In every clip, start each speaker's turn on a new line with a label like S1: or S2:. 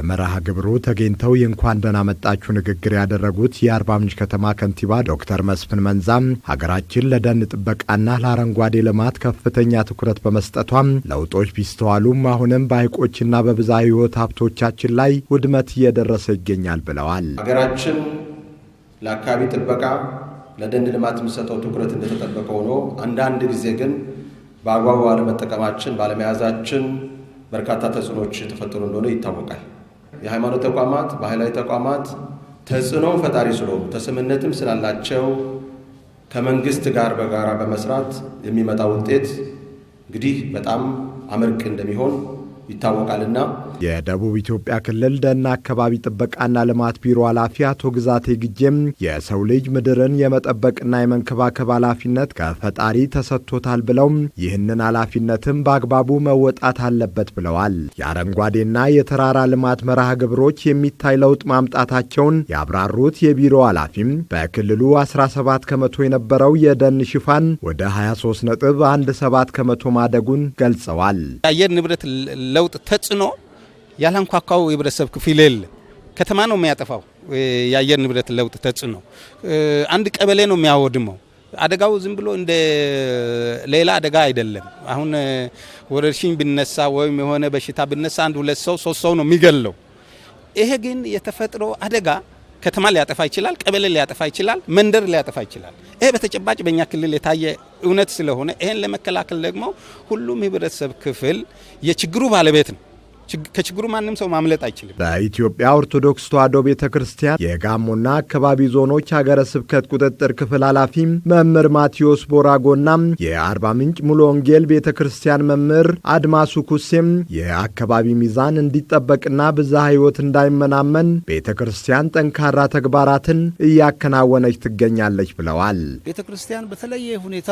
S1: በመርሃ ግብሩ ተገኝተው የእንኳን ደህና መጣችሁ ንግግር ያደረጉት የአርባ ምንጭ ከተማ ከንቲባ ዶክተር መስፍን መንዛም ሀገራችን ለደን ጥበቃና ለአረንጓዴ ልማት ከፍተኛ ትኩረት በመስጠቷም ለውጦች ቢስተዋሉም አሁንም በሐይቆችና በብዛ ህይወት ሀብቶቻችን ላይ ውድመት እየደረሰ ይገኛል ብለዋል።
S2: ሀገራችን ለአካባቢ ጥበቃ፣ ለደን ልማት የሚሰጠው ትኩረት እንደተጠበቀ ሆኖ አንዳንድ ጊዜ ግን በአግባቡ ባለመጠቀማችን ባለመያዛችን በርካታ ተጽዕኖች የተፈጠሩ እንደሆነ ይታወቃል። የሃይማኖት ተቋማት፣ ባህላዊ ተቋማት ተጽዕኖ ፈጣሪ ስለሆኑ ተስምነትም ስላላቸው ከመንግስት ጋር በጋራ በመስራት የሚመጣ ውጤት እንግዲህ በጣም አመርቅ እንደሚሆን ይታወቃልና
S1: የደቡብ ኢትዮጵያ ክልል ደንና አካባቢ ጥበቃና ልማት ቢሮ ኃላፊ አቶ ግዛቴ ግጄም የሰው ልጅ ምድርን የመጠበቅና የመንከባከብ ኃላፊነት ከፈጣሪ ተሰጥቶታል ብለው ይህንን ኃላፊነትም በአግባቡ መወጣት አለበት ብለዋል። የአረንጓዴና የተራራ ልማት መርሃ ግብሮች የሚታይ ለውጥ ማምጣታቸውን ያብራሩት የቢሮ ኃላፊም በክልሉ 17 ከመቶ የነበረው የደን ሽፋን ወደ 23 ነጥብ 17 ከመቶ ማደጉን ገልጸዋል።
S3: የአየር ንብረት ለውጥ ተጽዕኖ ያላንኳኳው የህብረተሰብ ክፍል የለ። ከተማ ነው የሚያጠፋው የአየር ንብረት ለውጥ ተጽዕኖ። አንድ ቀበሌ ነው የሚያወድመው። አደጋው ዝም ብሎ እንደ ሌላ አደጋ አይደለም። አሁን ወረርሽኝ ብነሳ ወይም የሆነ በሽታ ብነሳ አንድ ሁለት ሰው ሶስት ሰው ነው የሚገለው። ይሄ ግን የተፈጥሮ አደጋ ከተማ ሊያጠፋ ይችላል፣ ቀበሌ ሊያጠፋ ይችላል፣ መንደር ሊያጠፋ ይችላል። ይሄ በተጨባጭ በእኛ ክልል የታየ እውነት ስለሆነ ይሄን ለመከላከል ደግሞ ሁሉም ህብረተሰብ ክፍል የችግሩ ባለቤት ነው። ከችግሩ ማንም ሰው ማምለጥ አይችልም።
S1: በኢትዮጵያ ኦርቶዶክስ ተዋሕዶ ቤተ ክርስቲያን የጋሞና አካባቢ ዞኖች ሀገረ ስብከት ቁጥጥር ክፍል ኃላፊ መምህር ማቴዎስ ቦራጎና የአርባ ምንጭ ሙሉ ወንጌል ቤተ ክርስቲያን መምህር አድማሱ ኩሴም የአካባቢ ሚዛን እንዲጠበቅና ብዝሃ ሕይወት እንዳይመናመን ቤተ ክርስቲያን ጠንካራ ተግባራትን እያከናወነች ትገኛለች ብለዋል።
S3: ቤተ ክርስቲያን በተለየ ሁኔታ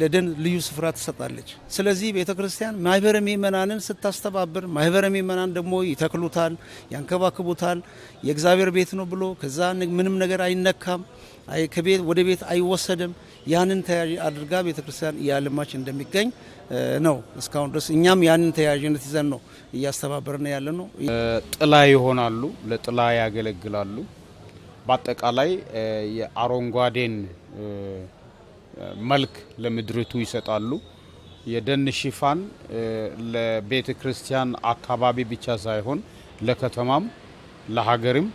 S3: ለደን ልዩ ስፍራ ትሰጣለች። ስለዚህ ቤተ ክርስቲያን ማህበረ ምእመናንን ስታስተባብር ማህበረ ምእመናን ደግሞ ይተክሉታል፣ ያንከባክቡታል። የእግዚአብሔር ቤት ነው ብሎ ከዛ ምንም ነገር አይነካም፣ ከቤት ወደ ቤት አይወሰድም። ያንን ተያዥ አድርጋ ቤተክርስቲያን እያለማች እንደሚገኝ ነው እስካሁን ድረስ እኛም ያንን ተያዥነት ይዘን ነው እያስተባበርን ያለ ነው።
S4: ጥላ ይሆናሉ፣ ለጥላ ያገለግላሉ። በአጠቃላይ የአረንጓዴን መልክ ለምድርቱ ይሰጣሉ። የደን ሽፋን ለቤተ ክርስቲያን አካባቢ ብቻ ሳይሆን ለከተማም ለሀገርም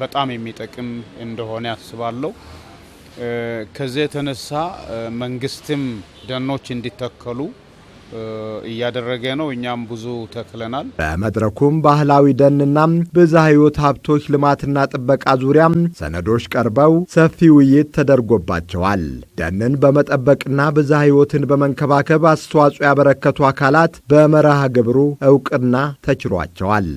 S4: በጣም የሚጠቅም እንደሆነ ያስባለሁ። ከዚህ የተነሳ መንግስትም ደኖች እንዲተከሉ እያደረገ ነው። እኛም ብዙ ተክለናል።
S1: በመድረኩም ባህላዊ ደንና ብዝሃ ሕይወት ሀብቶች ልማትና ጥበቃ ዙሪያ ሰነዶች ቀርበው ሰፊ ውይይት ተደርጎባቸዋል። ደንን በመጠበቅና ብዝሃ ሕይወትን በመንከባከብ አስተዋጽኦ ያበረከቱ አካላት በመርሃ ግብሩ እውቅና ተችሯቸዋል።